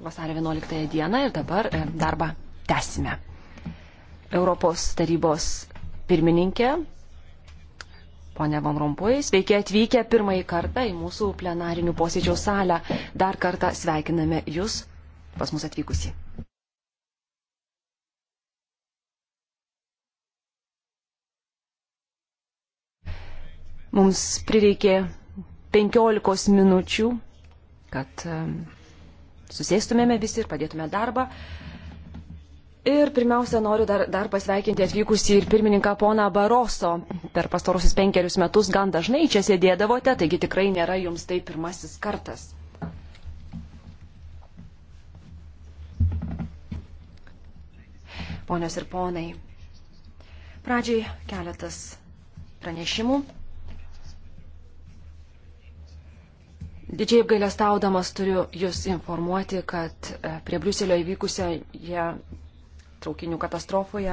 vasario 11 dieną ir dabar e, darbą tęsime. Europos tarybos pirmininkė, ponė Van Rompuy, sveiki atvykę pirmąjį kartą į mūsų plenarinių posėdžių salę. Dar kartą sveikiname Jūs pas mus atvykusi. Mums prireikė 15 minučių, kad e, susėstumėme visi ir padėtume darbą. Ir pirmiausia, noriu dar, dar pasveikinti atvykusį ir pirmininką poną Baroso. Per pastarosius penkerius metus gan dažnai čia sėdėdavote, taigi tikrai nėra jums tai pirmasis kartas. Ponios ir ponai, pradžiai keletas pranešimų. Didžiai apgailestaudamas turiu Jūs informuoti, kad e, prie Briuselio įvykusioje traukinių katastrofoje